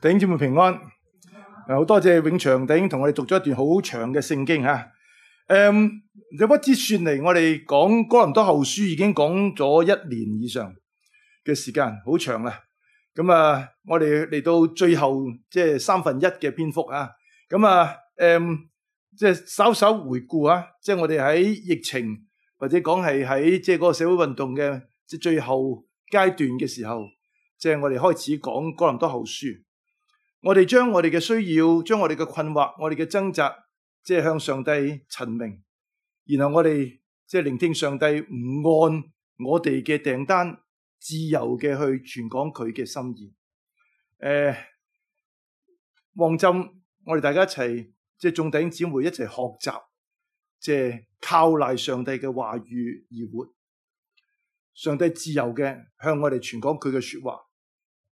弟兄姊妹平安，好、啊、多謝永祥弟兄同我哋讀咗一段好長嘅聖經吓。誒、啊，有、嗯、不知算嚟，我哋講哥林多後書已經講咗一年以上嘅時間，好長啦。咁、嗯、啊，我哋嚟到最後即係、就是、三分一嘅篇幅啊。咁、嗯、啊，誒，即係稍稍回顧啊，即、就、係、是、我哋喺疫情或者講係喺即係個社會運動嘅即係最後階段嘅時候，即、就、係、是、我哋開始講哥林多後書。我哋將我哋嘅需要，將我哋嘅困惑，我哋嘅掙扎，即係向上帝陳明，然後我哋即係聆聽上帝唔按我哋嘅訂單，自由嘅去傳講佢嘅心意。誒、呃，旺浸，我哋大家一齊即係眾弟兄姊妹一齊學習，即係靠賴上帝嘅話語而活。上帝自由嘅向我哋傳講佢嘅說話，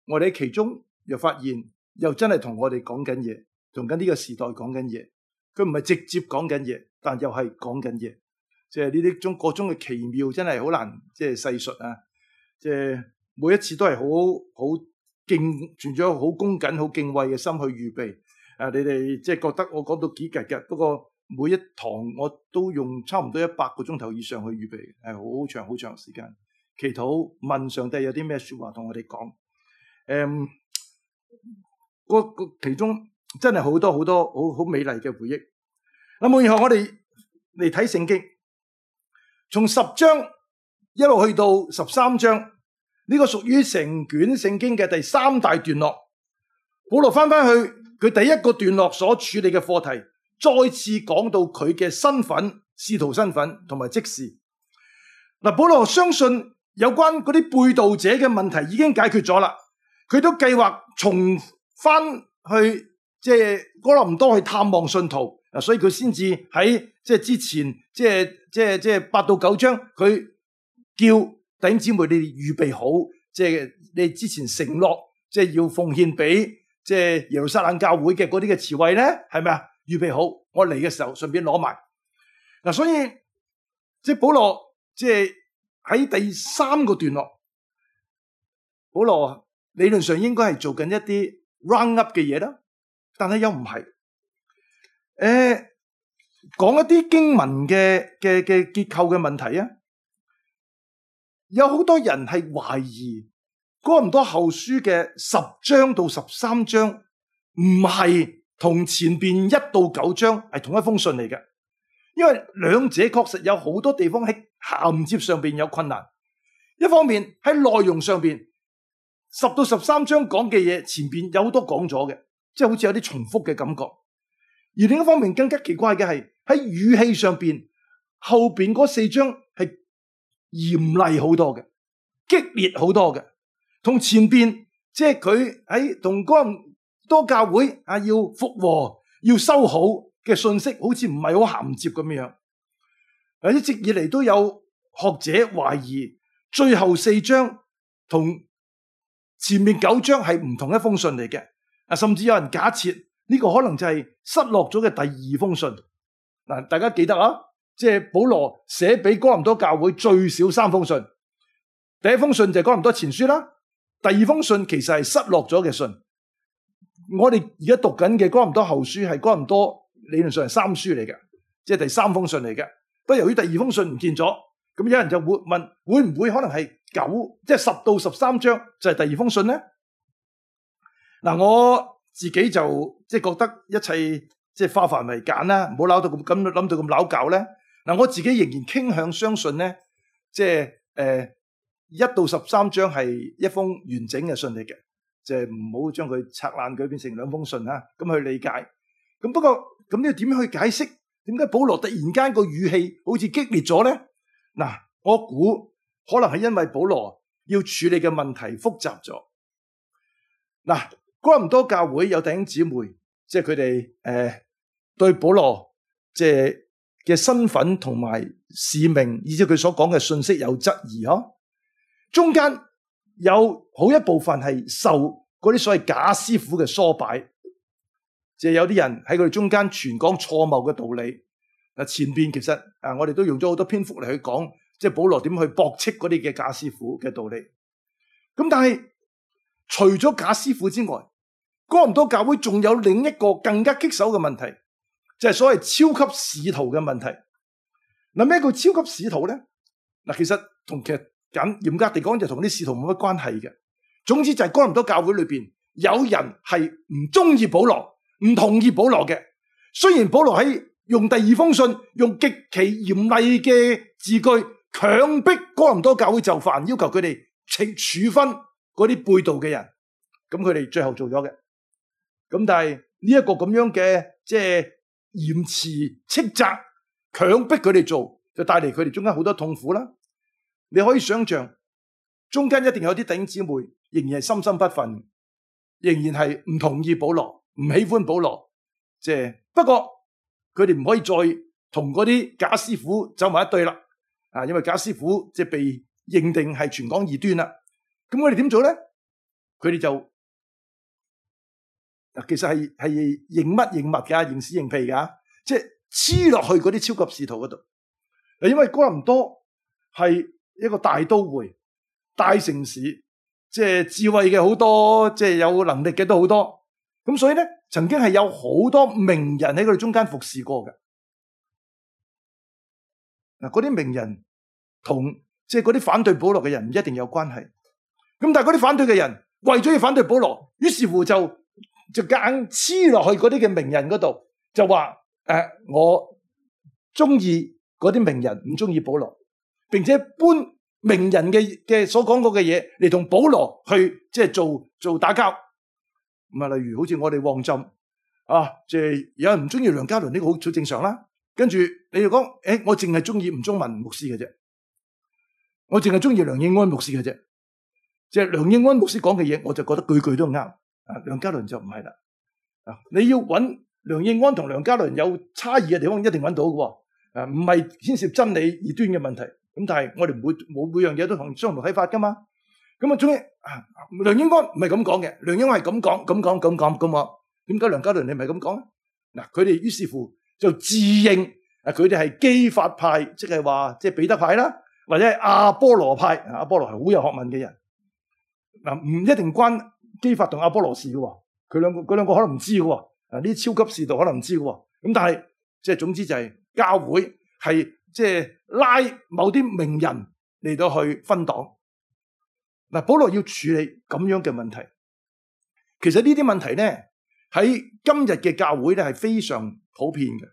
我哋喺其中又發現。又真係同我哋講緊嘢，同緊呢個時代講緊嘢。佢唔係直接講緊嘢，但又係講緊嘢。即係呢啲種各種嘅奇妙，真係好難即係細述啊！即係每一次都係好好敬存咗好恭謹、好敬畏嘅心去預備。啊，你哋即係覺得我講到幾格嘅，不過每一堂我都用差唔多一百個鐘頭以上去預備，係好長好長時間。祈禱問上帝有啲咩説話同我哋講。誒。個個其中真係好多好多好好美麗嘅回憶。咁以後我哋嚟睇聖經，從十章一路去到十三章，呢個屬於成卷聖經嘅第三大段落。保羅翻翻去佢第一個段落所處理嘅課題，再次講到佢嘅身份、使徒身份同埋職事。嗱，保羅相信有關嗰啲背道者嘅問題已經解決咗啦，佢都計劃從翻去即係、就是、哥林多去探望信徒，啊，所以佢先至喺即係之前，即係即係即係八到九章，佢叫弟兄姊妹你預備好，即、就、係、是、你之前承諾，即、就、係、是、要奉獻俾即係耶路撒冷教會嘅嗰啲嘅慈惠咧，係咪啊？預備好，我嚟嘅時候順便攞埋嗱，所以即係、就是、保羅即係喺第三個段落，保羅理論上應該係做緊一啲。round up 嘅嘢啦，但係又唔係，誒，講一啲經文嘅嘅嘅結構嘅問題啊，有好多人係懷疑，哥林多後書嘅十章到十三章唔係同前邊一到九章係同一封信嚟嘅，因為兩者確實有好多地方喺銜接上邊有困難，一方面喺內容上邊。十到十三章講嘅嘢，前邊有好多講咗嘅，即係好似有啲重複嘅感覺。而另一方面，更加奇怪嘅係喺語氣上邊，後邊嗰四章係嚴厲好多嘅，激烈好多嘅，同前邊即係佢喺同嗰個多教會啊要復和、要修好嘅信息，好似唔係好銜接咁樣。一直以嚟，都有學者懷疑，最後四章同前面九章係唔同一封信嚟嘅，啊，甚至有人假設呢個可能就係失落咗嘅第二封信。嗱，大家記得啊，即係保羅寫俾哥林多教會最少三封信，第一封信就係哥林多前書啦，第二封信其實係失落咗嘅信。我哋而家讀緊嘅哥林多後書係哥林多理論上係三書嚟嘅，即係第三封信嚟嘅，不過由於第二封信唔見咗。咁有人就會問：會唔會可能係九即係十到十三章就係第二封信咧？嗱，我自己就即係覺得一切即係化繁為簡啦，唔好撈到咁咁諗到咁扭搞咧。嗱，我自己仍然傾向相信咧，即係誒、呃、一到十三章係一封完整嘅信嚟嘅，即係唔好將佢拆爛佢變成兩封信啊。咁去理解。咁不過咁你要點樣去解釋？點解保羅突然間個語氣好似激烈咗咧？嗱，我估可能係因為保羅要處理嘅問題複雜咗。嗱、啊，哥林多教會有弟兄姊妹，即係佢哋誒對保羅即係嘅身份同埋使命，以至佢所講嘅信息有質疑嗬、啊。中間有好一部分係受嗰啲所謂假師傅嘅唆擺，即係有啲人喺佢哋中間傳講錯謬嘅道理。前邊其實誒，我哋都用咗好多篇幅嚟去講，即係保羅點去駁斥嗰啲嘅假師傅嘅道理。咁但係除咗假師傅之外，哥林多教會仲有另一個更加棘手嘅問題，就係、是、所謂超級使徒嘅問題。嗱，咩叫超級使徒咧？嗱，其實同其實嚴格地講，就同啲使徒冇乜關係嘅。總之就係哥林多教會裏邊有人係唔中意保羅、唔同意保羅嘅。雖然保羅喺用第二封信，用極其嚴厲嘅字句，強迫哥林多教會就範，要求佢哋懲處分嗰啲背道嘅人。咁佢哋最後做咗嘅。咁但係呢一個咁樣嘅即係嚴詞斥責、強迫佢哋做，就帶嚟佢哋中間好多痛苦啦。你可以想象，中間一定有啲弟兄姊妹仍然係心心不忿，仍然係唔同意保羅，唔喜歡保羅。即係，不過。佢哋唔可以再同嗰啲假師傅走埋一隊啦，啊！因為假師傅即係被認定係全港異端啦。咁佢哋點做咧？佢哋就嗱，其實係係認乜認物嘅，認屎認屁噶，即係黐落去嗰啲超級使徒嗰度。因為哥林多係一個大都會、大城市，即係智慧嘅好多，即係有能力嘅都好多。咁所以咧，曾經係有好多名人喺佢哋中間服侍過嘅。嗱，嗰啲名人同即係嗰啲反對保羅嘅人唔一定有關係。咁但係嗰啲反對嘅人為咗要反對保羅，於是乎就就硬黐落去嗰啲嘅名人嗰度，就話誒、呃，我中意嗰啲名人，唔中意保羅，並且搬名人嘅嘅所講過嘅嘢嚟同保羅去即係、就是、做做打交。咁啊，例如好似我哋旺浸啊，即係有人唔中意梁家麟呢、這個好，好正常啦。跟住你又講，誒，我淨係中意吳中文牧師嘅啫，我淨係中意梁應安牧師嘅啫。即、就、係、是、梁應安牧師講嘅嘢，我就覺得句句都啱。啊，梁家麟就唔係啦。啊，你要揾梁應安同梁家麟有差異嘅地方，一定揾到嘅。誒、啊，唔係牽涉真理而端嘅問題。咁但係我哋每冇每，每樣嘢都相同相互睇法噶嘛。咁啊，終於啊，梁英安唔係咁講嘅，梁英安係咁講，咁講，咁講，咁啊。點解梁家麟你唔係咁講？嗱，佢哋於是乎就自認啊，佢哋係基法派，即係話即係彼得派啦，或者係阿波羅派。阿波羅係好有學問嘅人。嗱，唔一定關基法同阿波羅事嘅。佢兩個，佢兩個可能唔知嘅。啊，呢啲超級士道可能唔知嘅。咁但係即係總之就係教會係即係拉某啲名人嚟到去分黨。嗱，保羅要處理咁樣嘅問題，其實呢啲問題咧，喺今日嘅教會咧係非常普遍嘅。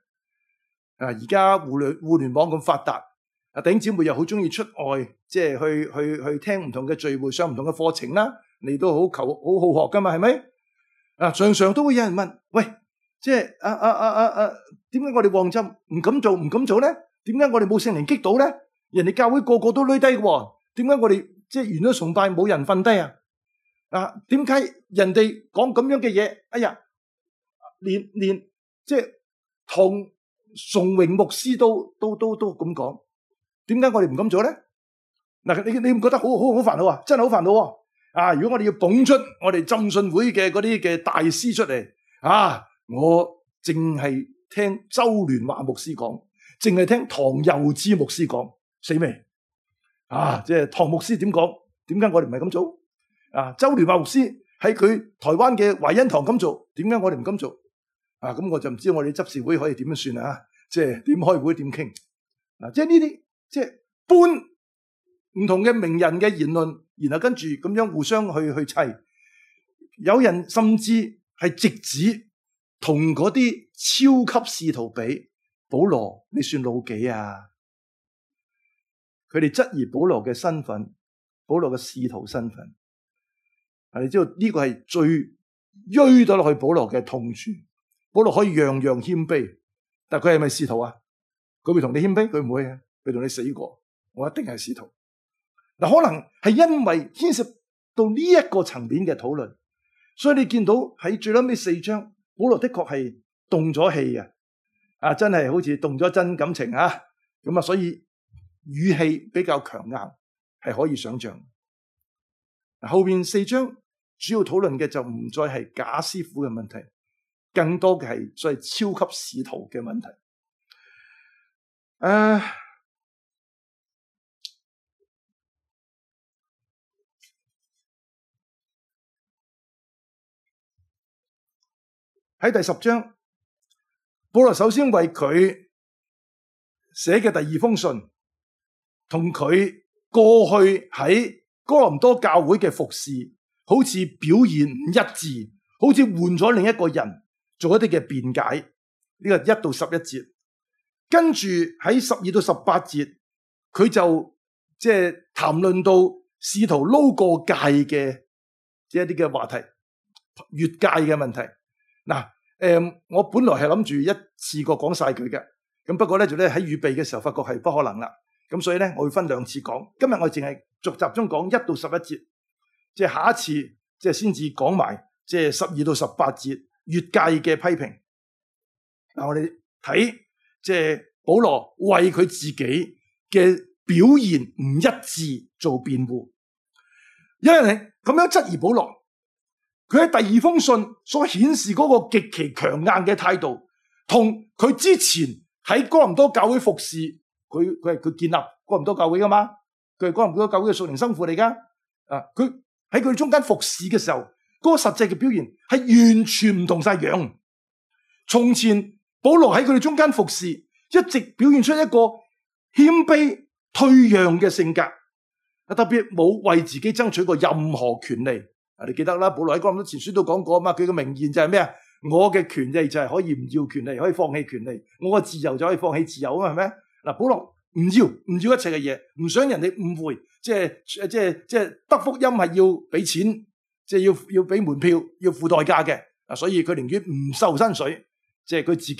啊，而家互聯互聯網咁發達，啊，弟兄姐妹又好中意出外，即係去去去聽唔同嘅聚會，上唔同嘅課程啦。你都好求好好學噶嘛，係咪？啊，常常都會有人問，喂，即係啊啊啊啊啊，點解我哋旺浸唔敢做，唔敢做咧？點解我哋冇聖靈激到咧？人哋教會個個都累低嘅喎，點解我哋？即係完咗崇拜冇人瞓低啊！啊，點解人哋講咁樣嘅嘢？哎呀，連連即係唐崇榮牧師都都都都咁講，點解我哋唔敢做咧？嗱、啊，你你唔覺得好好好煩惱啊？真係好煩惱啊！啊，如果我哋要捧出我哋浸信會嘅嗰啲嘅大師出嚟啊，我淨係聽周聯華牧師講，淨係聽唐佑之牧師講，死未？啊！即係唐牧師點講？點解我哋唔係咁做？啊！周聯華牧師喺佢台灣嘅懷恩堂咁做，點解我哋唔咁做？啊！咁我就唔知我哋執事會可以點樣算啊，即係點開會點傾？啊！即係呢啲即係搬唔同嘅名人嘅言論，然後跟住，咁樣互相去去砌，有人甚至係直指同嗰啲超級使徒比保羅，你算老幾啊？佢哋質疑保羅嘅身份，保羅嘅使徒身份。啊，你知道呢個係最追到落去保羅嘅痛處。保羅可以樣樣謙卑，但佢係咪使徒啊？佢會同你謙卑，佢唔會啊。佢同你死過，我一定係使徒。嗱，可能係因為牽涉到呢一個層面嘅討論，所以你見到喺最屘尾四章，保羅的確係動咗氣嘅。啊，真係好似動咗真感情啊！咁啊，所以。語氣比較強硬，係可以想象。後邊四章主要討論嘅就唔再係假師傅嘅問題，更多嘅係所謂超級使徒嘅問題。誒，喺第十章，保羅首先為佢寫嘅第二封信，同佢過去喺哥林多教會嘅服侍，好似表現唔一致，好似換咗另一個人做一啲嘅辯解。呢個一到十一節，跟住喺十二到十八節，佢就即係、就是、談論到試圖撈過界嘅即一啲嘅話題，越界嘅問題。嗱，誒，我本來係諗住一次過講晒佢嘅，咁不過咧就咧喺預備嘅時候發覺係不可能啦。咁所以咧，我會分兩次講。今日我淨係逐集中講一到十一節，即係下一次，即係先至講埋即係十二到十八節越界嘅批評。嗱，我哋睇即係保羅為佢自己嘅表現唔一致做辯護，因為咁樣質疑保羅，佢喺第二封信所顯示嗰個極其強硬嘅態度，同佢之前喺哥林多教會服侍。佢佢係佢建立哥林多教會噶嘛？佢係哥林多教會嘅數年生父嚟噶。啊，佢喺佢哋中間服侍嘅時候，嗰、那個實際嘅表現係完全唔同晒樣。從前保羅喺佢哋中間服侍，一直表現出一個謙卑退讓嘅性格，特別冇為自己爭取過任何權利。啊，你記得啦，保羅喺《哥林多前書》都講過啊嘛。佢嘅名言就係咩啊？我嘅權利就係可以唔要權利，可以放棄權利，我嘅自由就可以放棄自由啊？係咩？嗱，保羅唔要唔要一切嘅嘢，唔想人哋誤會，即係即係即係得福音係要俾錢，即係要要俾門票，要付代價嘅，啊，所以佢寧願唔受薪水，即係佢自己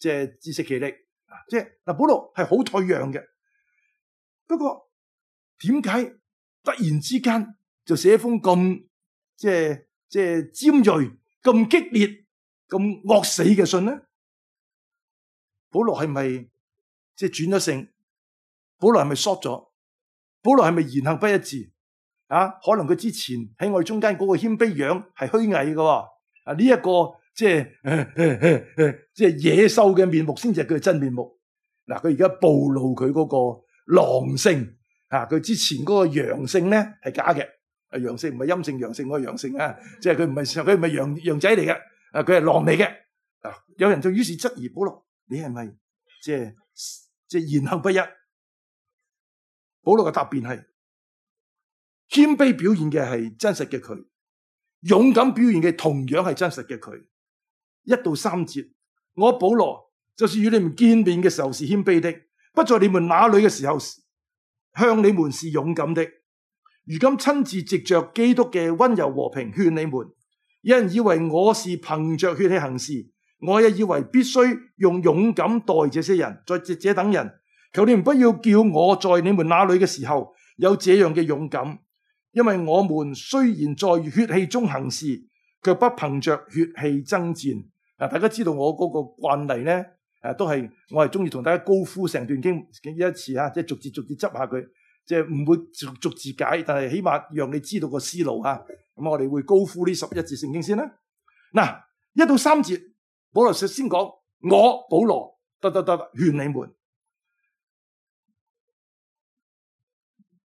即係自食其力，即係嗱，保羅係好退讓嘅，不過點解突然之間就寫封咁即係即係尖銳、咁激烈、咁惡死嘅信咧？保羅係咪？即係轉咗性，保羅係咪縮咗？保羅係咪言行不一致？啊，可能佢之前喺我哋中間嗰個謙卑樣係虛偽噶，啊呢一、這個即係即係野獸嘅面目，先至係佢嘅真面目。嗱、啊，佢而家暴露佢嗰個狼性，吓、啊、佢之前嗰個羊性咧係假嘅，啊羊性唔係陰性陽性嗰個陽性啊，即係佢唔係佢唔係羊羊仔嚟嘅，啊佢係狼嚟嘅。嗱、啊，有人就於是質疑保羅，你係咪即係？就是就是即言行不一，保羅嘅答辯係謙卑表現嘅係真實嘅佢，勇敢表現嘅同樣係真實嘅佢。一到三節，我保羅就是與你們見面嘅時候是謙卑的，不在你們那裏嘅時候向你們是勇敢的。如今親自藉着基督嘅溫柔和平勸你們。有人以為我是憑着血氣行事。我也以為必須用勇敢待這些人，在這等人求你們不要叫我，在你們那裏嘅時候有這樣嘅勇敢，因為我們雖然在血氣中行事，却不憑着血氣爭戰。嗱、啊，大家知道我嗰個慣例呢，誒、啊，都係我係中意同大家高呼成段經呢一次吓、啊，即係逐字逐字執下佢，即係唔會逐逐字解，但係起碼讓你知道個思路吓。咁、啊、我哋會高呼呢十一字聖經先啦。嗱、啊，一到三節。保羅率先講，我保羅得得得勸你們，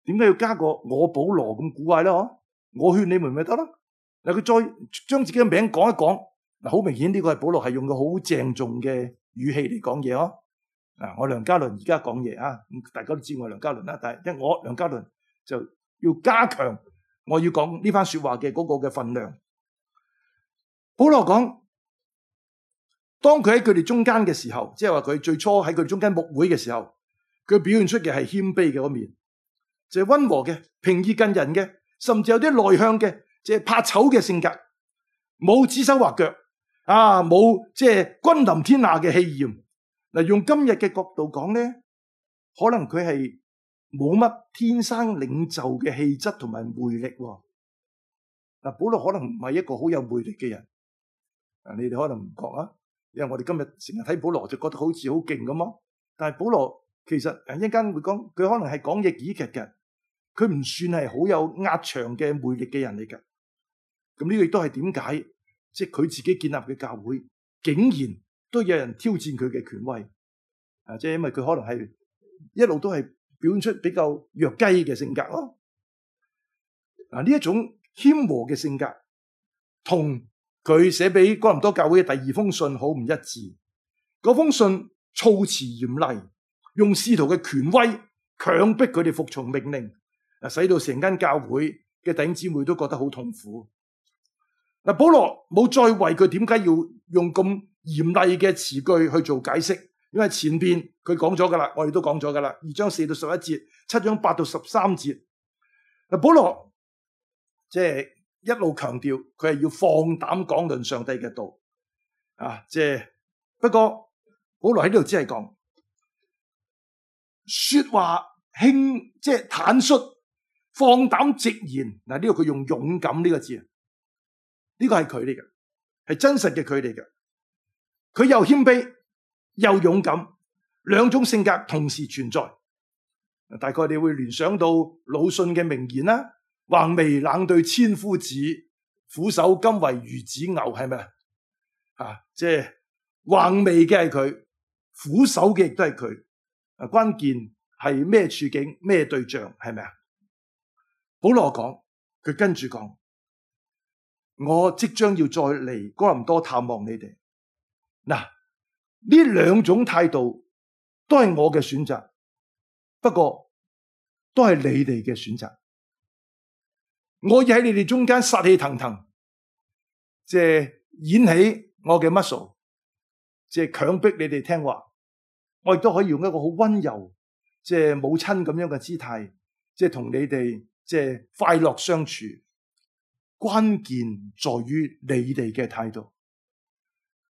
點解要加個我保羅咁古怪咧？嗬，我勸你們咪得咯。嗱，佢再將自己嘅名講一講，嗱，好明顯呢個係保羅係用個好鄭重嘅語氣嚟講嘢嗬。嗱，我梁家麟而家講嘢啊，大家都知我梁家麟啦，但係即我梁家麟就要加強我要講呢番說話嘅嗰個嘅分量。保羅講。當佢喺佢哋中間嘅時候，即係話佢最初喺佢中間牧會嘅時候，佢表現出嘅係謙卑嘅嗰面，就係、溫和嘅、平易近人嘅，甚至有啲內向嘅，即、就、係、係、怕醜嘅性格，冇指手畫腳，啊，冇即係君臨天下嘅氣焰。嗱，用今日嘅角度講咧，可能佢係冇乜天生領袖嘅氣質同埋魅力。嗱、啊，保羅可能唔係一個好有魅力嘅人，啊，你哋可能唔覺啊。因為我哋今日成日睇保羅，就覺得好似好勁咁咯。但係保羅其實一間會講，佢可能係講嘢幾劇嘅，佢唔算係好有壓場嘅魅力嘅人嚟㗎。咁、這、呢個亦都係點解，即係佢自己建立嘅教會，竟然都有人挑戰佢嘅權威。啊，即係因為佢可能係一路都係表現出比較弱雞嘅性格咯。啊，呢一種謙和嘅性格，同，佢寫俾哥林多教會嘅第二封信好唔一致，嗰封信措辭嚴厲，用使徒嘅權威強迫佢哋服從命令，啊，使到成間教會嘅弟兄姊妹都覺得好痛苦。嗱，保羅冇再為佢點解要用咁嚴厲嘅詞句去做解釋，因為前邊佢講咗噶啦，我哋都講咗噶啦，二章四到十一節，七章八到十三節，嗱，保羅即係，就是一路強調佢係要放膽講論上帝嘅道，啊！即係不過，保羅喺呢度只係講説話輕，即、就、係、是、坦率、放膽直言。嗱、啊，呢個佢用勇敢呢個字，呢個係佢嚟嘅，係真實嘅佢嚟嘅。佢又謙卑又勇敢，兩種性格同時存在。啊、大概你會聯想到魯迅嘅名言啦。啊橫眉冷對千夫指，俯首甘為孺子牛，係咪啊？啊，即係橫眉嘅係佢，俯首嘅亦都係佢。啊，關鍵係咩處境、咩對象，係咪啊？保羅講，佢跟住講，我即將要再嚟哥林多探望你哋。嗱，呢兩種態度都係我嘅選擇，不過都係你哋嘅選擇。我要喺你哋中間殺氣騰騰，即係演起我嘅 muscle，即係強迫你哋聽話。我亦都可以用一個好溫柔，即係母親咁樣嘅姿態，即係同你哋即係快樂相處。關鍵在於你哋嘅態度。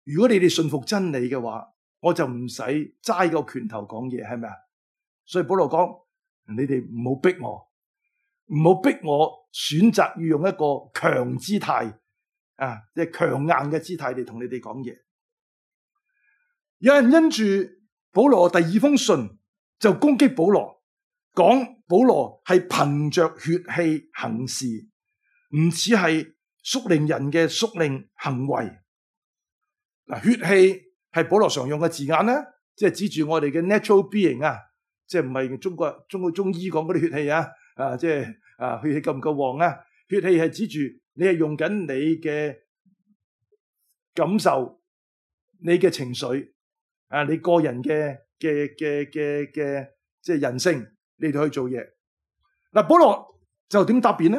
如果你哋信服真理嘅話，我就唔使齋個拳頭講嘢，係咪啊？所以保羅講：你哋唔好逼我，唔好逼我。選擇要用一個強姿態啊，即係強硬嘅姿態嚟同你哋講嘢。有人因住保羅第二封信就攻擊保羅，講保羅係憑着血氣行事，唔似係屬靈人嘅屬靈行為。嗱，血氣係保羅常用嘅字眼咧，即係指住我哋嘅 natural being 啊，即係唔係中國中國中醫講嗰啲血氣啊，啊即係。啊，血氣夠唔夠旺啊？血氣係指住你係用緊你嘅感受、你嘅情緒、啊你個人嘅嘅嘅嘅嘅即係人性嚟到去做嘢。嗱、啊，保羅就點答辯咧？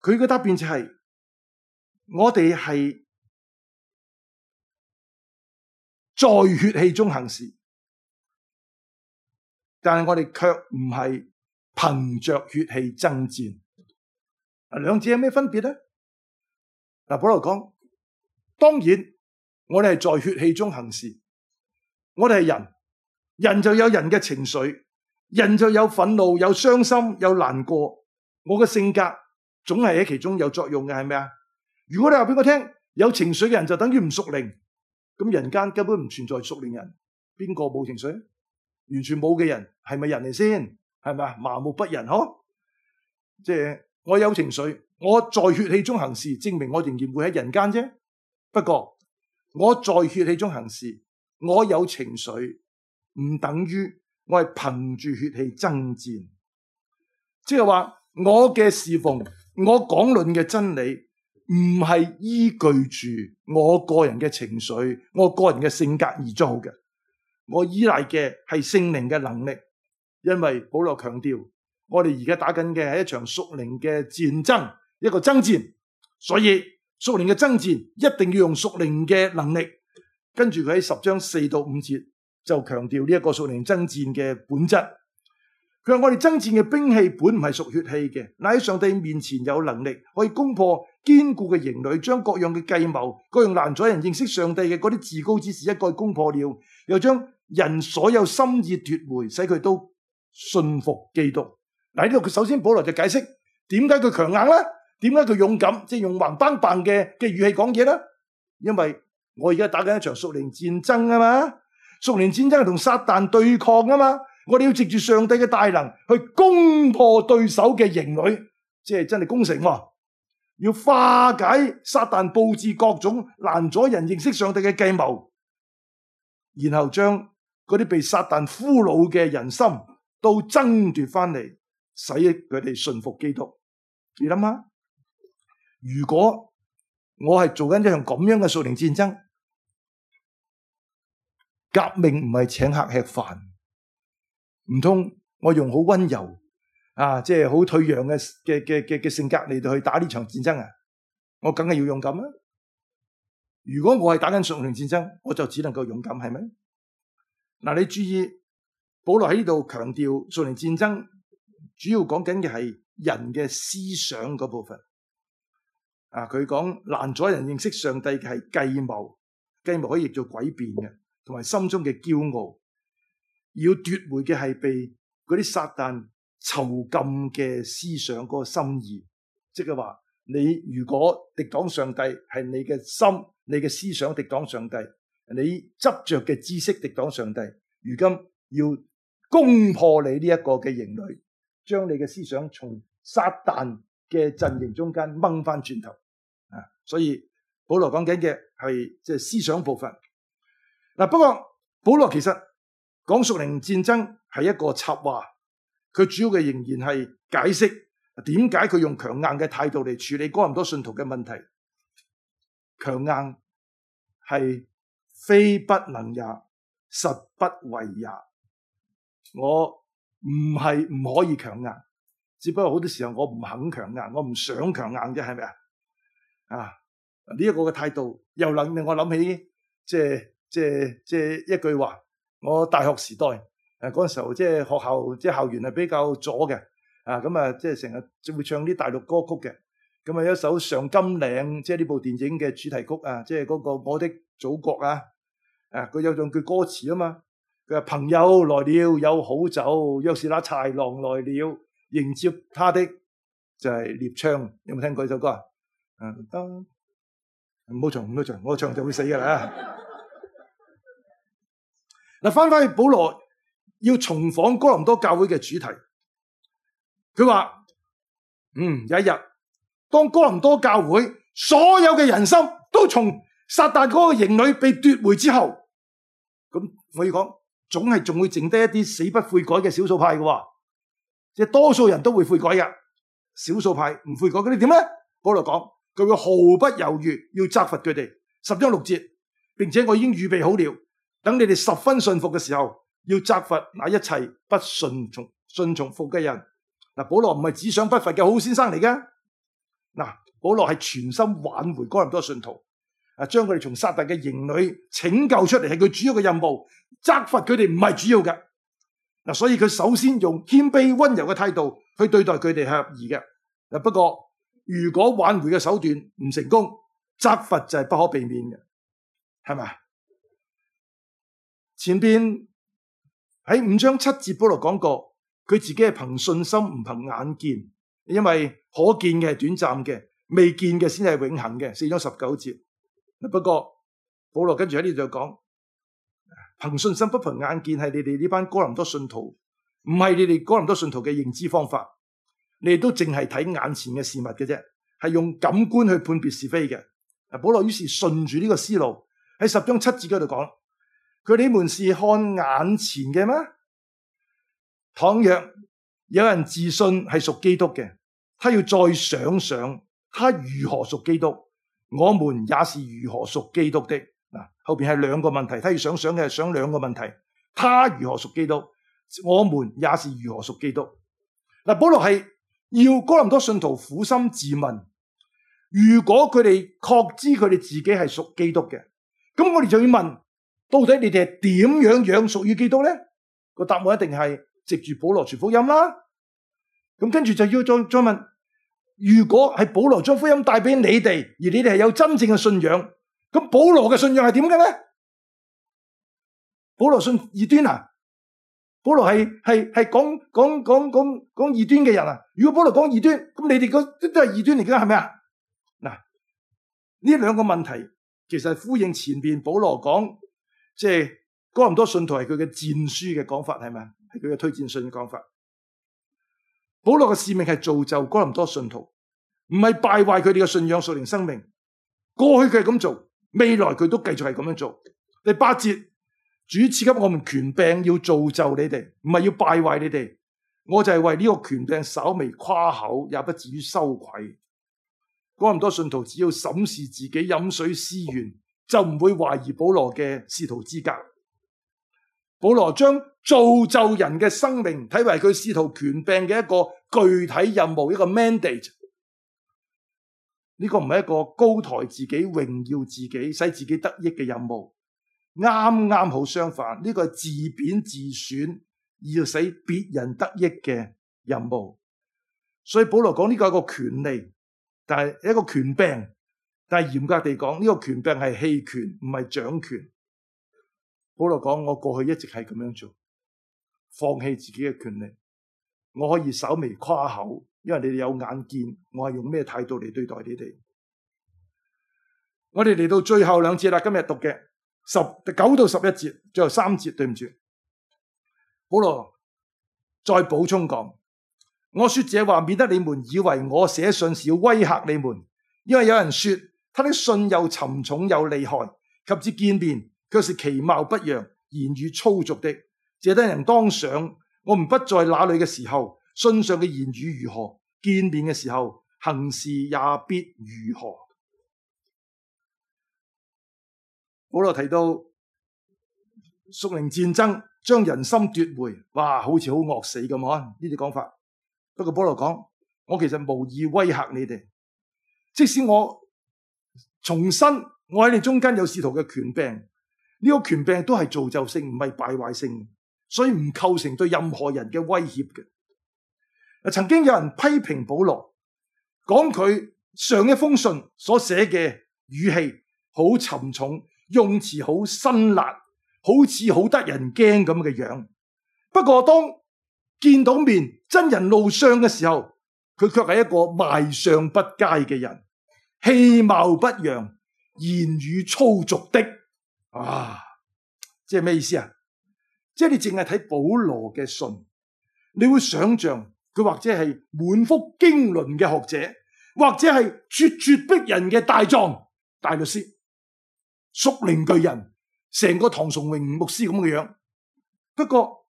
佢嘅答辯就係、係、我哋係在血氣中行事，但係我哋卻唔係。憑着血氣爭戰，兩者有咩分別咧？嗱，保羅講，當然我哋係在血氣中行事，我哋係人，人就有人嘅情緒，人就有憤怒、有傷心、有難過，我嘅性格總係喺其中有作用嘅，係咪啊？如果你話俾我聽，有情緒嘅人就等於唔屬靈，咁人間根本唔存在屬靈人，邊個冇情緒？完全冇嘅人係咪人嚟先？係咪啊？麻木不仁嗬！即係我有情緒，我在血氣中行事，證明我仍然會喺人間啫。不過我在血氣中行事，我有情緒，唔等於我係憑住血氣爭戰。即係話我嘅侍奉，我講論嘅真理，唔係依據住我個人嘅情緒、我個人嘅性格而做好嘅。我依賴嘅係聖靈嘅能力。因為保羅強調，我哋而家打緊嘅係一場屬靈嘅戰爭，一個爭戰，所以屬靈嘅爭戰一定要用屬靈嘅能力。跟住佢喺十章四到五節就強調呢一個屬靈爭戰嘅本質。佢話我哋爭戰嘅兵器本唔係屬血氣嘅，乃喺上帝面前有能力可以攻破堅固嘅營壘，將各樣嘅計謀、各樣難阻人認識上帝嘅嗰啲自高之事一概攻破了，又將人所有心意奪回，使佢都。信服基督嗱，呢度佢首先保羅就解釋點解佢強硬咧？點解佢勇敢？即係用橫繃棒嘅嘅語氣講嘢咧？因為我而家打緊一場屬靈戰爭啊嘛，屬靈戰爭係同撒旦對抗啊嘛，我哋要藉住上帝嘅大能去攻破對手嘅營壘，即係真係攻城，要化解撒旦布置各種難阻人認識上帝嘅計謀，然後將嗰啲被撒旦俘虜嘅人心，都爭奪翻嚟，使佢哋順服基督。你諗下，如果我係做緊一樣咁樣嘅屬靈戰爭，革命唔係請客吃飯，唔通我用好溫柔啊，即係好退讓嘅嘅嘅嘅性格嚟到去打呢場戰爭啊？我梗係要勇敢啦。如果我係打緊屬靈戰爭，我就只能夠勇敢，係咪？嗱，啊，你注意。保羅喺呢度強調，屬靈戰爭主要講緊嘅係人嘅思想嗰部分。啊，佢講難阻人認識上帝嘅係計謀，計謀可以譯做詭辯嘅，同埋心中嘅驕傲。要奪回嘅係被嗰啲撒旦囚禁嘅思想嗰個心意，即係話你如果敵擋上帝，係你嘅心、你嘅思想敵擋上帝，你執着嘅知識敵擋上帝，如今要。攻破你呢一個嘅營壘，將你嘅思想從撒旦嘅陣營中間掹翻轉頭啊！所以保羅講緊嘅係即係思想部分。嗱、啊，不過保羅其實講屬靈戰爭係一個插話，佢主要嘅仍然係解釋點解佢用強硬嘅態度嚟處理哥林多信徒嘅問題。強硬係非不能也，實不為也。我唔係唔可以強硬，只不過好多時候我唔肯強硬，我唔想強硬啫，係咪啊？啊，呢一個嘅態度，又令令我諗起，即係即係即係一句話，我大學時代誒嗰陣時候，即係學校即係校園係比較左嘅，啊咁啊，即係成日會唱啲大陸歌曲嘅，咁啊有一首上甘嶺，即係呢部電影嘅主題曲啊，即係嗰個我的祖國啊，誒，佢、啊、有種句歌詞啊嘛。佢話朋友來了有好酒，若是那豺狼來了迎接他的就係獵槍，有冇聽過呢首歌啊？唔、嗯、得，唔好唱唔好唱，我唱就會死嘅啦。嗱，翻返去保羅要重訪哥林多教會嘅主題，佢話：嗯，有一日當哥林多教會所有嘅人心都從撒但嗰個營壘被奪回之後，咁我要講。總係仲會剩低一啲死不悔改嘅少數派嘅，即係多數人都會悔改嘅，少數派唔悔改，咁你點咧？保羅講，佢會毫不猶豫要責罰佢哋，十章六節，並且我已經預備好了，等你哋十分信服嘅時候，要責罰那一切不信從、信從服嘅人。嗱，保羅唔係只想不罰嘅好先生嚟嘅，嗱，保羅係全心挽回嗰人多信徒，啊，將佢哋從撒但嘅營裏拯救出嚟係佢主要嘅任務。責罰佢哋唔係主要嘅。嗱，所以佢首先用謙卑溫柔嘅態度去對待佢哋係合宜嘅。嗱，不過如果挽回嘅手段唔成功，責罰就係不可避免嘅，係咪？前邊喺五章七節保羅講過，佢自己係憑信心唔憑眼見，因為可見嘅係短暫嘅，未見嘅先係永恆嘅。四章十九節，不過保羅跟住喺呢度就講。憑信心不憑眼見係你哋呢班哥林多信徒，唔係你哋哥林多信徒嘅認知方法，你哋都淨係睇眼前嘅事物嘅啫，係用感官去判別是非嘅。保羅於是順住呢個思路喺十章七節嗰度講，佢，你們是看眼前嘅咩？倘若有人自信係屬基督嘅，他要再想想他如何屬基督，我們也是如何屬基督的。嗱，後邊係兩個問題，他要想想嘅，想兩個問題，他如何屬基督，我們也是如何屬基督。嗱，保羅係要哥林多信徒苦心自問，如果佢哋確知佢哋自己係屬基督嘅，咁我哋就要問，到底你哋係點樣樣屬於基督咧？那個答案一定係藉住保羅傳福音啦。咁跟住就要再再問，如果係保羅將福音帶俾你哋，而你哋係有真正嘅信仰。咁保羅嘅信仰係點嘅咧？保羅信異端啊？保羅係係係講講講講講異端嘅人啊？如果保羅講異端，咁你哋啲都係異端嚟嘅係咪啊？嗱，呢兩個問題其實呼應前邊保羅講，即係哥林多信徒係佢嘅戰書嘅講法係咪？係佢嘅推薦信嘅講法。保羅嘅使命係造就哥林多信徒，唔係敗壞佢哋嘅信仰、屬靈生命。過去佢係咁做。未來佢都繼續係咁樣做。第八節，主賜給我們權柄，要造就你哋，唔係要敗壞你哋。我就係為呢個權柄，稍微誇口，也不至於羞愧。講咁多，信徒只要審視自己，飲水思源，就唔會懷疑保羅嘅使徒資格。保羅將造就人嘅生命睇為佢使徒權柄嘅一個具體任務，一個 mandate。呢個唔係一個高抬自己、榮耀自己、使自己得益嘅任務，啱啱好相反。呢個係自貶自損，而要使別人得益嘅任務。所以保羅講呢個係一個權利，但係一個權柄。但係嚴格地講，呢個權柄係棄權，唔係掌權。保羅講我過去一直係咁樣做，放棄自己嘅權利，我可以稍微誇口。因為你哋有眼見，我係用咩態度嚟對待你哋？我哋嚟到最後兩節啦，今日讀嘅十九到十一節，最後三節，對唔住。好咯，再補充講：我說這話，免得你們以為我寫信是要威嚇你們。因為有人說他的信又沉重又厲害，及至見面卻是其貌不揚、言語粗俗的。這等人當想：「我唔不在那裏嘅時候。信上嘅言語如何，見面嘅時候行事也必如何。保羅提到屬靈戰爭將人心奪回，哇，好似好惡死咁，呢啲講法。不過保羅講，我其實無意威嚇你哋，即使我重申，我喺你中間有使徒嘅權柄，呢個權柄都係造就性，唔係敗壞性，所以唔構成對任何人嘅威脅嘅。曾經有人批評保羅，講佢上一封信所寫嘅語氣好沉重，用詞好辛辣，好似好得人驚咁嘅樣。不過當見到面真人露相嘅時候，佢卻係一個賣相不佳嘅人，其貌不揚，言語粗俗的。啊，即係咩意思啊？即係你淨係睇保羅嘅信，你會想象。佢或者係滿腹經綸嘅學者，或者係咄咄逼人嘅大狀、大律師，屬靈巨人，成個唐崇榮牧師咁嘅樣。不過，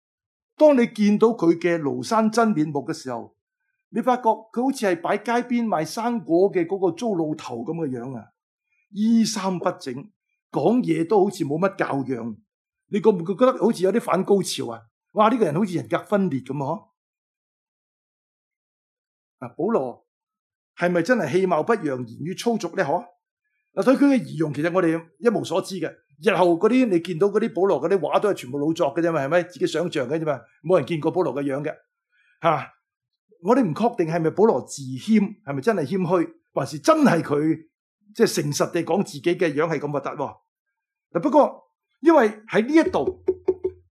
當你見到佢嘅廬山真面目嘅時候，你發覺佢好似係擺街邊賣生果嘅嗰個糟老頭咁嘅樣啊！衣衫不整，講嘢都好似冇乜教養。你覺唔覺得好似有啲反高潮啊？哇！呢個人好似人格分裂咁啊。啊，保羅係咪真係氣貌不揚、言語粗俗咧？嗬！嗱，對佢嘅儀容，其實我哋一無所知嘅。日後嗰啲你見到嗰啲保羅嗰啲畫，都係全部老作嘅啫嘛，係咪？自己想象嘅啫嘛，冇人見過保羅嘅樣嘅，吓、啊！我哋唔確定係咪保羅自謙，係咪真係謙虛，還是真係佢即係誠實地講自己嘅樣係咁核突？嗱，不過因為喺呢一度，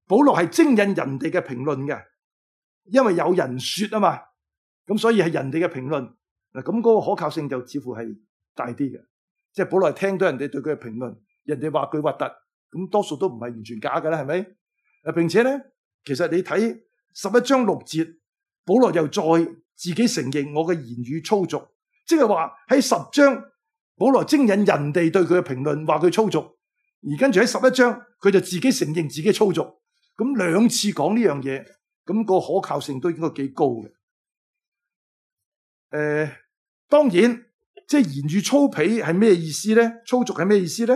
保羅係徵引人哋嘅評論嘅，因為有人說啊嘛。咁所以係人哋嘅評論嗱，咁嗰個可靠性就似乎係大啲嘅，即係保羅聽到人哋對佢嘅評論，人哋話佢核突，咁多數都唔係完全假嘅啦，係咪？誒，並且咧，其實你睇十一章六節，保羅又再自己承認我嘅言語粗俗，即係話喺十章保羅徵引人哋對佢嘅評論，話佢粗俗，而跟住喺十一章佢就自己承認自己粗俗，咁兩次講呢樣嘢，咁嗰個可靠性都應該幾高嘅。誒、呃，當然即係言語粗鄙，係咩意思咧？粗俗係咩意思咧？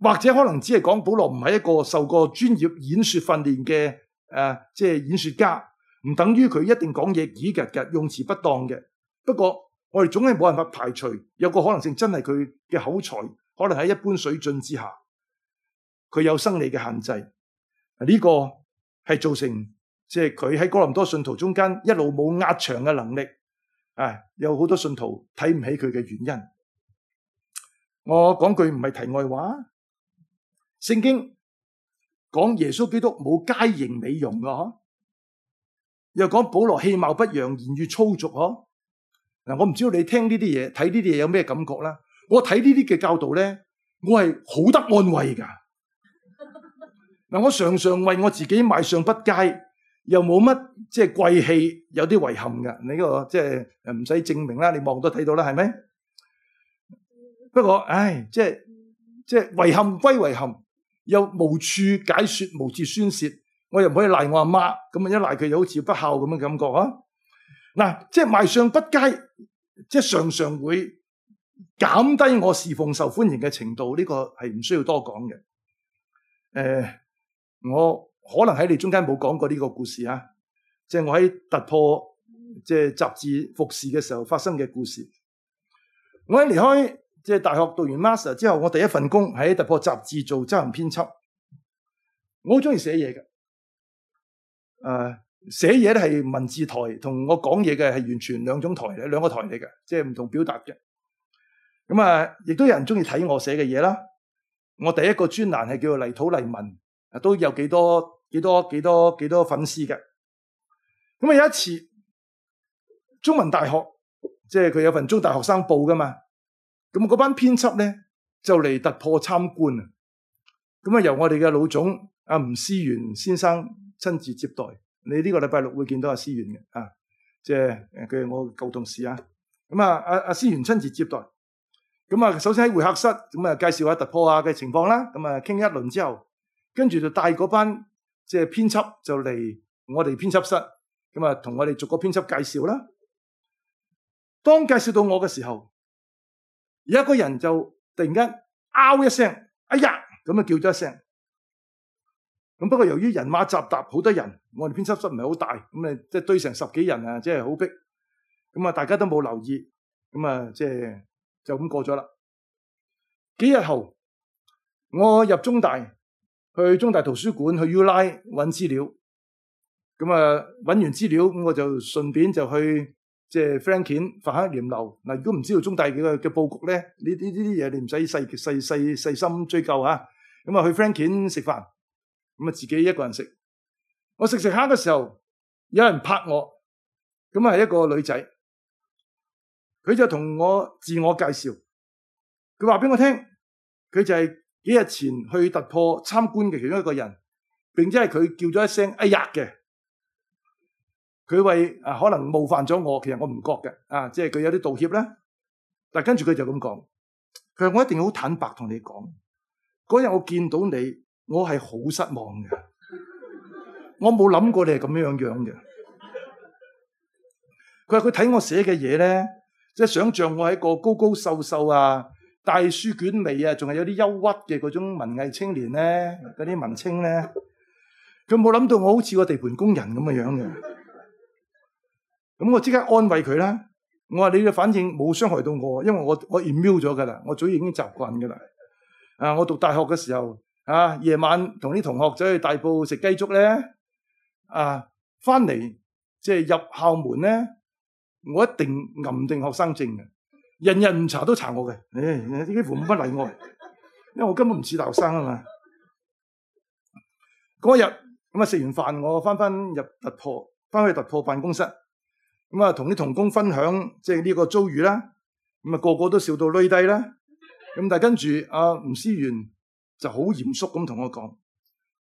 或者可能只係講保羅唔係一個受過專業演說訓練嘅誒、呃，即係演說家，唔等於佢一定講嘢幾夾夾，用詞不當嘅。不過我哋總係冇辦法排除有個可能性，真係佢嘅口才可能喺一般水準之下，佢有生理嘅限制。呢、這個係造成即係佢喺哥林多信徒中間一路冇壓場嘅能力。啊！有好多信徒睇唔起佢嘅原因，我講句唔係題外話，聖經講耶穌基督冇佳形美容噶嗬、啊，又講保羅氣貌不揚，言語粗俗嗱、啊，我唔知道你聽呢啲嘢，睇呢啲嘢有咩感覺啦。我睇呢啲嘅教導咧，我係好得安慰噶。嗱，我常常為我自己賣相不佳。又冇乜即係貴氣，有啲遺憾噶。呢個即係唔使證明啦，你望都睇到啦，係咪？不過唉，即係即係遺憾歸遺憾，又無處解說，無處宣洩，我又唔可以賴我阿媽，咁啊一賴佢又好似不孝咁嘅感覺啊。嗱，即係賣相不佳，即係常常會減低我侍奉受歡迎嘅程度。呢個係唔需要多講嘅。誒，我。可能喺你中間冇講過呢個故事啊，即、就、係、是、我喺突破即係、就是、雜誌服侍嘅時候發生嘅故事。我喺離開即係、就是、大學讀完 master 之後，我第一份工喺突破雜誌做執行編輯。我好中意寫嘢嘅，誒、啊，寫嘢咧係文字台，同我講嘢嘅係完全兩種台，嚟兩個台嚟嘅，即係唔同表達嘅。咁、嗯、啊，亦都有人中意睇我寫嘅嘢啦。我第一個專欄係叫做泥土黎文。啊，都有幾多幾多幾多幾多粉絲嘅，咁啊有一次，中文大學即係佢有份中大學生報噶嘛，咁嗰班編輯咧就嚟突破參觀啊，咁啊由我哋嘅老總阿吳思源先生親自接待，你呢個禮拜六會見到阿思源嘅啊，即係誒佢係我舊同事啊，咁啊阿阿、啊啊、思源親自接待，咁啊首先喺會客室咁啊介紹下突破下嘅情況啦，咁啊傾一輪之後。跟住就帶嗰班即係編輯就嚟我哋編輯室，咁啊同我哋逐個編輯介紹啦。當介紹到我嘅時候，有一個人就突然間嗷一聲，哎呀，咁啊叫咗一聲。咁不過由於人馬雜沓，好多人，我哋編輯室唔係好大，咁啊即係堆成十幾人啊，即係好逼。咁啊大家都冇留意，咁啊即係就咁過咗啦。幾日後，我入中大。去中大圖書館去 Uline 搵資料，咁啊搵完資料，咁我就順便就去即係 Frankian 范克廉樓嗱，如果唔知道中大嘅嘅布局咧，呢呢呢啲嘢你唔使細細細細心追究啊，咁啊去 Frankian 食飯，咁啊自己一個人食，我食食吓嘅時候有人拍我，咁啊係一個女仔，佢就同我自我介紹，佢話俾我聽，佢就係、是。幾日前去突破參觀嘅其中一個人，並且係佢叫咗一聲哎呀嘅，佢為啊可能冒犯咗我，其實我唔覺嘅，啊即係佢有啲道歉啦，但係跟住佢就咁講，佢話我一定好坦白同你講，嗰日我見到你，我係好失望嘅，我冇諗過你係咁樣樣嘅，佢話佢睇我寫嘅嘢咧，即係想像我係一個高高瘦瘦啊。大書卷味啊，仲係有啲憂鬱嘅嗰種文藝青年咧，嗰啲文青咧，佢冇諗到我好似個地盤工人咁嘅樣嘅，咁我即刻安慰佢啦。我話你哋反應冇傷害到我，因為我我 immune 咗噶啦，我早已經習慣噶啦。啊，我讀大學嘅時候啊，夜晚同啲同學仔去大埔食雞粥咧，啊，翻嚟即係入校門咧，我一定揞定學生證嘅。人日日唔查都查我嘅，唉、哎，幾乎冇乜例外，因為我根本唔似大學生啊嘛。嗰日咁啊，食、嗯、完飯我返返入突破，返去突破辦公室，咁啊同啲同工分享即係呢個遭遇啦，咁、嗯、啊個個都笑到淚低啦。咁、嗯、但係跟住阿吳思源就好嚴肅咁同我講，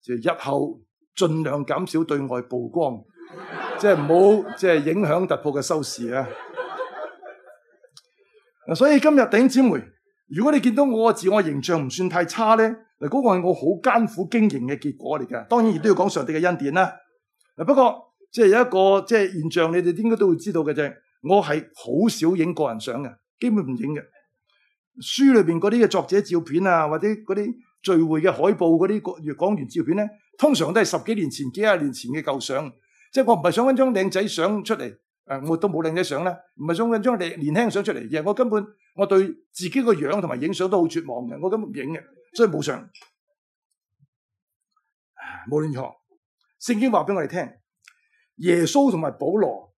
就係日後儘量減少對外曝光， 即係唔好即係影響突破嘅收視啊。所以今日影姊妹，如果你見到我自我形象唔算太差咧，嗱、那、嗰個係我好艱苦經營嘅結果嚟嘅。當然亦都要講上帝嘅恩典啦。嗱、不過即係、就是、有一個即係、就是、現象，你哋應該都會知道嘅啫。我係好少影個人相嘅，基本唔影嘅。書裏邊嗰啲嘅作者照片啊，或者嗰啲聚會嘅海報嗰啲國講員照片咧，通常都係十幾年前、幾廿年前嘅舊相，即、就、係、是、我唔係想揾張靚仔相出嚟。誒、啊、我都冇靚嘅相咧，唔係想將我哋年輕相出嚟而係。我根本我對自己個樣同埋影相都好絕望嘅，我根本唔影嘅，所以冇相。冇亂講，聖經話俾我哋聽，耶穌同埋保羅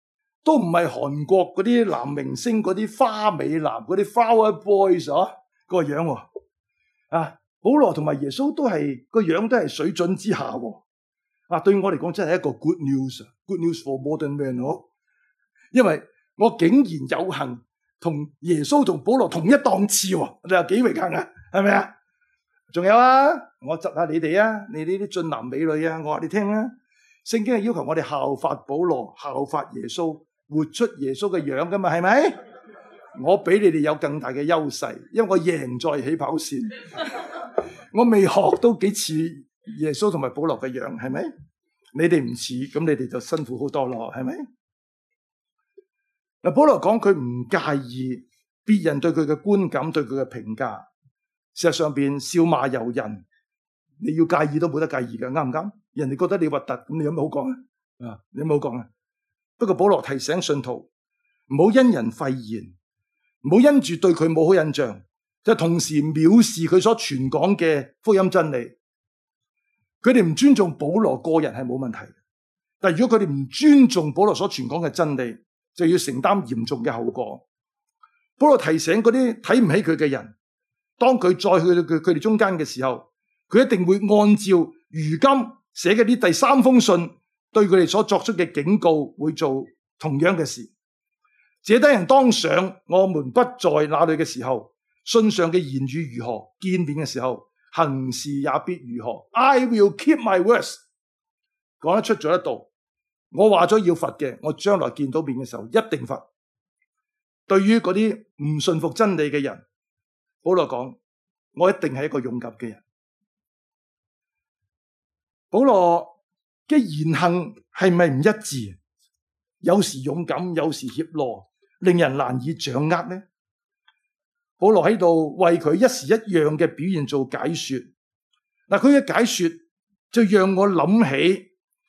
都唔係韓國嗰啲男明星嗰啲花美男嗰啲 flower boys 嗬個樣喎。啊，保羅同埋耶穌都係個樣都係水準之下啊，對我嚟講真係一個 good news，good news for modern man，啊因為我竟然有幸同耶穌同保羅同一檔次喎，哦，你話幾榮幸啊？係咪啊？仲有啊，我窒下你哋啊，你呢啲俊男美女啊，我話你聽啊，聖經係要求我哋效法保羅、效法耶穌，活出耶穌嘅樣噶嘛？係咪？我比你哋有更大嘅優勢，因為我贏在起跑線，我未學到幾似耶穌同埋保羅嘅樣，係咪？你哋唔似，咁你哋就辛苦好多咯，係咪？嗱，保羅講佢唔介意別人對佢嘅觀感、對佢嘅評價。事實上邊笑罵由人，你要介意都冇得介意嘅，啱唔啱？人哋覺得你核突，咁你有冇好講啊？啊，你有冇好講啊？不過保羅提醒信徒，唔好因人廢言，唔好因住對佢冇好印象，就是、同時藐視佢所傳講嘅福音真理。佢哋唔尊重保羅個人係冇問題，但係如果佢哋唔尊重保羅所傳講嘅真理。就要承擔嚴重嘅後果，不過提醒嗰啲睇唔起佢嘅人，當佢再去到佢佢哋中間嘅時候，佢一定會按照如今寫嘅呢第三封信對佢哋所作出嘅警告，會做同樣嘅事。這等人當上我們不在那裏嘅時候，信上嘅言語如何，見面嘅時候，行事也必如何。I will keep my words，講得出做得到。我話咗要罰嘅，我將來見到面嘅時候一定罰。對於嗰啲唔信服真理嘅人，保羅講：我一定係一個勇敢嘅人。保羅嘅言行係咪唔一致？有時勇敢，有時怯懦，令人難以掌握呢？保羅喺度為佢一時一樣嘅表現做解說。嗱，佢嘅解說就讓我諗起。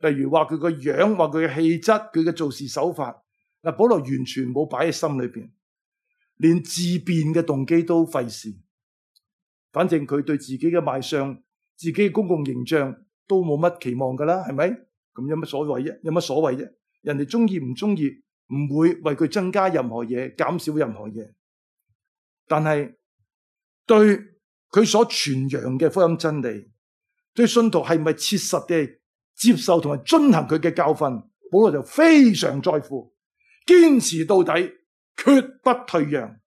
例如話佢個樣，話佢嘅氣質，佢嘅做事手法，嗱，保羅完全冇擺喺心裏邊，連自辯嘅動機都費事。反正佢對自己嘅賣相、自己嘅公共形象都冇乜期望㗎啦，係咪？咁有乜所謂啫？有乜所謂啫？人哋中意唔中意，唔會為佢增加任何嘢，減少任何嘢。但係對佢所傳揚嘅福音真理，對信徒係咪切實嘅？接受同埋遵行佢嘅教訓，保羅就非常在乎，堅持到底，決不退讓。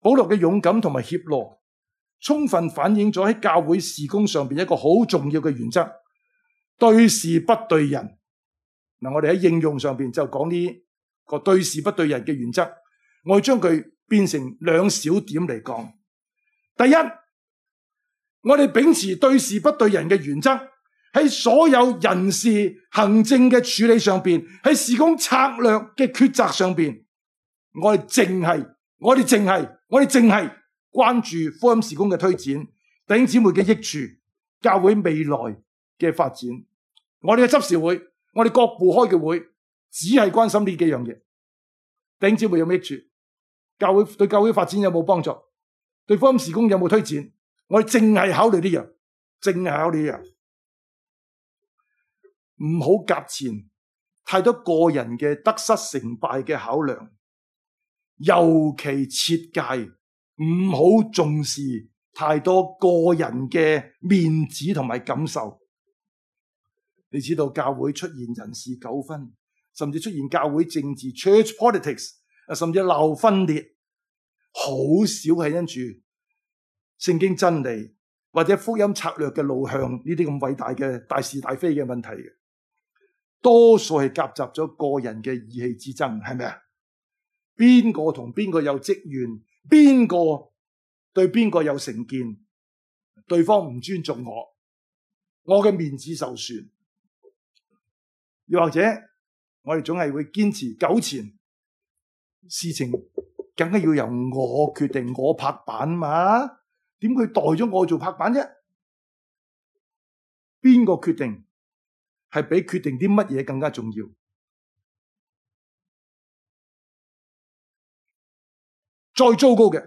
保羅嘅勇敢同埋怯懦，充分反映咗喺教會事工上邊一個好重要嘅原則：對事不對人。嗱，我哋喺應用上邊就講呢個對事不對人嘅原則，我要將佢變成兩小點嚟講。第一，我哋秉持對事不對人嘅原則。喺所有人事行政嘅處理上邊，喺事工策略嘅抉擇上邊，我哋淨係我哋淨係我哋淨係關注福音事工嘅推展，弟兄姊妹嘅益處，教會未來嘅發展，我哋嘅執事會，我哋各部開嘅會，只係關心呢幾樣嘢。弟兄姊妹有咩益處？教會對教會發展有冇幫助？對福音事工有冇推展？我哋淨係考慮呢樣，淨係考慮呢樣。唔好夾纏太多個人嘅得失成敗嘅考量，尤其切忌唔好重視太多個人嘅面子同埋感受。你知道教會出現人事糾紛，甚至出現教會政治 （church politics） 啊，甚至鬧分裂，好少係因住聖經真理或者福音策略嘅路向呢啲咁偉大嘅大是大非嘅問題嘅。多數係夾雜咗個人嘅意氣之爭，係咪啊？邊個同邊個有積怨？邊個對邊個有成見？對方唔尊重我，我嘅面子受損。又或者我哋總係會堅持糾纏，事情梗係要由我決定，我拍板嘛？點佢代咗我做拍板啫？邊個決定？係比決定啲乜嘢更加重要。再糟糕嘅，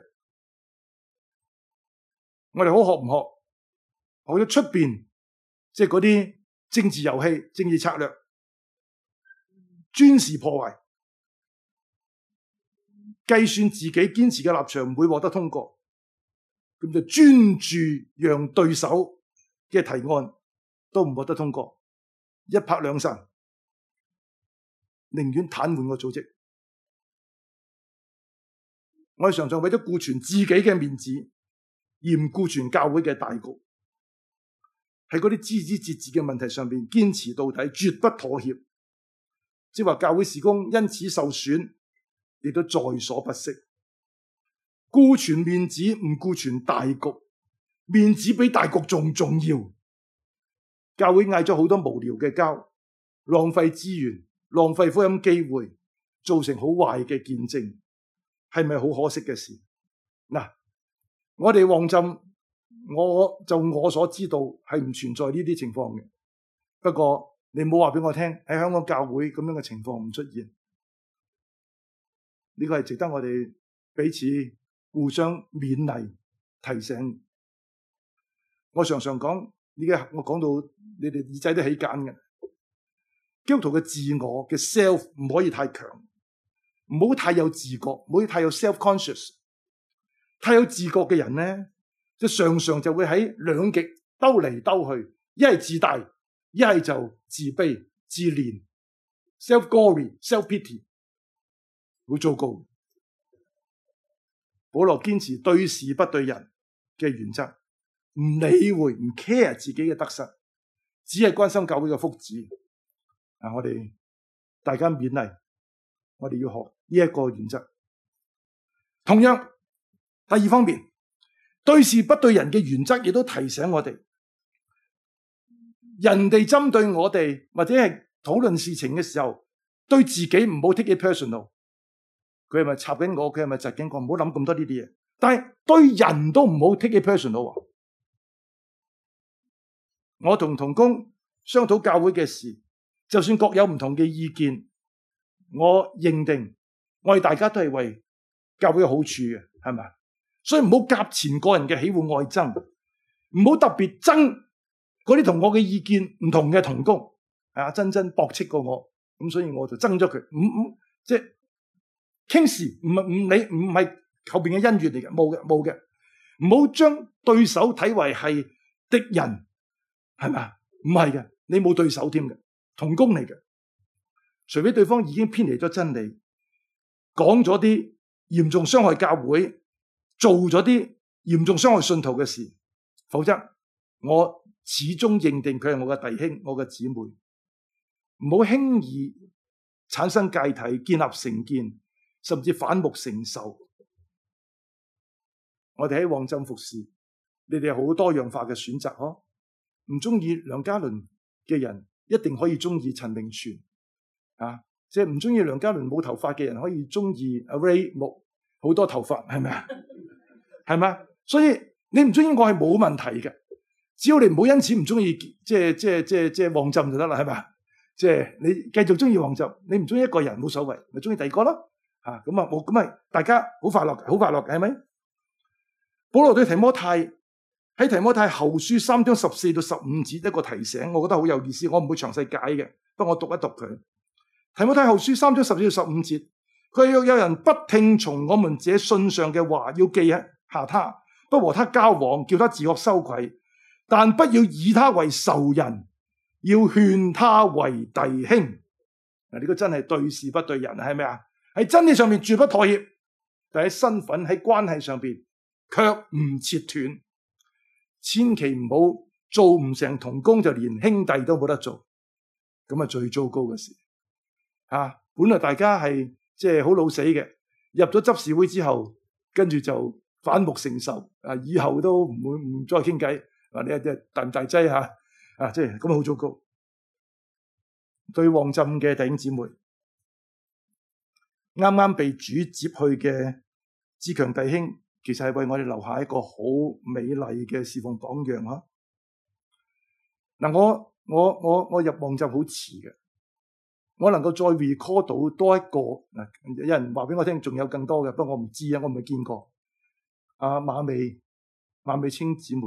我哋好學唔學？學咗出邊，即係嗰啲政治遊戲、政治策略，專事破壞，計算自己堅持嘅立場唔會獲得通過，咁就專注讓對手嘅提案都唔獲得通過。一拍兩散，寧願癱瘓個組織。我哋常常為咗顧全自己嘅面子，而唔顧全教會嘅大局，喺嗰啲枝枝節節嘅問題上面，堅持到底，絕不妥協。即係話教會事工因此受損，亦都在所不惜。顧全面子唔顧全大局，面子比大局仲重要。教會嗌咗好多無聊嘅交，浪費資源、浪費福音機會，造成好壞嘅見證，係咪好可惜嘅事？嗱，我哋旺浸，我就我所知道係唔存在呢啲情況嘅。不過你冇話俾我聽，喺香港教會咁樣嘅情況唔出現，呢個係值得我哋彼此互相勉勵提醒。我常常講。而家我講到你哋耳仔都起繭嘅，基督徒嘅自我嘅 self 唔可以太強，唔好太有自覺，唔好太有 self-conscious。太有自覺嘅人咧，就常常就會喺兩極兜嚟兜去，一係自大，一係就自卑、自憐，self-glory、self-pity，好糟糕。保羅堅持對事不對人嘅原則。唔理會唔 care 自己嘅得失，只係關心教會嘅福祉。啊，我哋大家勉勵，我哋要學呢一個原則。同樣，第二方面，對事不對人嘅原則，亦都提醒我哋：人哋針對我哋或者係討論事情嘅時候，對自己唔好 take it personal。佢係咪插緊我？佢係咪窒緊我？唔好諗咁多呢啲嘢。但係對人都唔好 take it personal。我同同工商討教會嘅事，就算各有唔同嘅意見，我認定我哋大家都係為教會嘅好處嘅，係咪？所以唔好夾前個人嘅喜惡愛憎，唔好特別憎嗰啲同我嘅意見唔同嘅同工，係啊，真真駁斥過我，咁所以我就憎咗佢，唔唔即係傾事唔係唔理唔係後邊嘅恩怨嚟嘅，冇嘅冇嘅，唔好將對手睇為係敵人。係咪啊？唔係嘅，你冇對手添嘅，同工嚟嘅。除非對方已經偏離咗真理，講咗啲嚴重傷害教會、做咗啲嚴重傷害信徒嘅事，否則我始終認定佢係我嘅弟兄、我嘅姊妹。唔好輕易產生芥蒂、建立成見，甚至反目成仇。我哋喺旺浸服侍，你哋有好多樣化嘅選擇哦。唔中意梁家麟嘅人，一定可以中意陳明全啊！即係唔中意梁家麟冇頭髮嘅人，可以中意阿 Ray 木好多頭髮係咪啊？係咪？所以你唔中意我係冇問題嘅，只要你唔好因此唔中意，即係即係即係即係旺浸就得啦，係咪？即係你繼續中意旺浸，你唔中意一個人冇所謂，咪中意第二個咯啊！咁啊，我咁啊，大家好快樂，好快樂，係咪？保羅對提摩太。喺提摩太後書三章十四到十五節，一個提醒，我覺得好有意思，我唔會詳細解嘅。不過我讀一讀佢。提摩太後書三章十四到十五節，佢若有人不聽從我們這信上嘅話，要記下他，不和他交往，叫他自覺羞愧，但不要以他為仇人，要勸他為弟兄。嗱，呢個真係對事不對人，係咪啊？喺真理上面絕不妥協，但喺身份喺關係上邊卻唔切斷。千祈唔好做唔成同工，就連兄弟都冇得做，咁啊最糟糕嘅事啊！本來大家係即係好老死嘅，入咗執事會之後，跟住就反目成仇啊！以後都唔會唔再傾偈。啊！呢一啲啊大唔大劑？吓啊，即係咁啊好、就是、糟糕！對旺浸嘅弟兄姊妹，啱啱被主接去嘅志強弟兄。其實係為我哋留下一個好美麗嘅侍奉榜樣哈。嗱、啊，我我我我入望就好遲嘅，我能夠再 recall 到多一個嗱、啊，有人話俾我聽仲有更多嘅，不過我唔知啊，我未見過。阿、啊、馬美馬美清姊妹，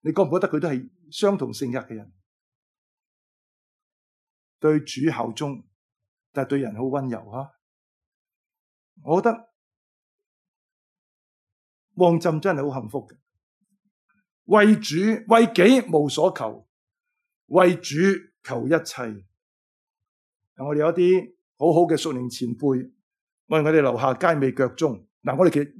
你覺唔覺得佢都係相同性格嘅人？對主效忠，但係對人好溫柔哈、啊。我覺得。幫朕真係好幸福嘅，為主為己無所求，為主求一切。嗯、我哋有啲好好嘅屬靈前輩，我哋我哋樓下街尾腳中，嗱、嗯，我哋其實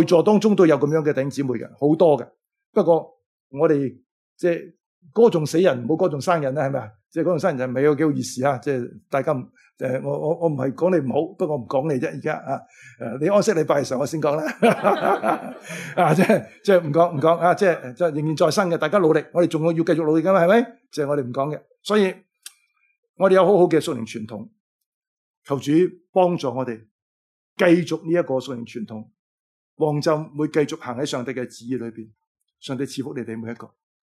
在座當中都有咁樣嘅弟兄姊妹人，好多嘅。不過我哋即係。歌頌死人唔好歌頌生人啦，係咪啊？即係歌頌生人就未有幾好意思啊！即係大家誒，我我我唔係講你唔好，不過我唔講你啫。而家啊，你安息禮拜嘅時候我先講啦。啊， 即係即係唔講唔講啊！即係即係仍然在生嘅，大家努力，我哋仲要繼續努力噶嘛，係咪？即係我哋唔講嘅。所以我哋有好好嘅屬靈傳統，求主幫助我哋繼續呢一個屬靈傳統。望就會繼續行喺上帝嘅旨意裏邊。上帝賜福你哋每一個。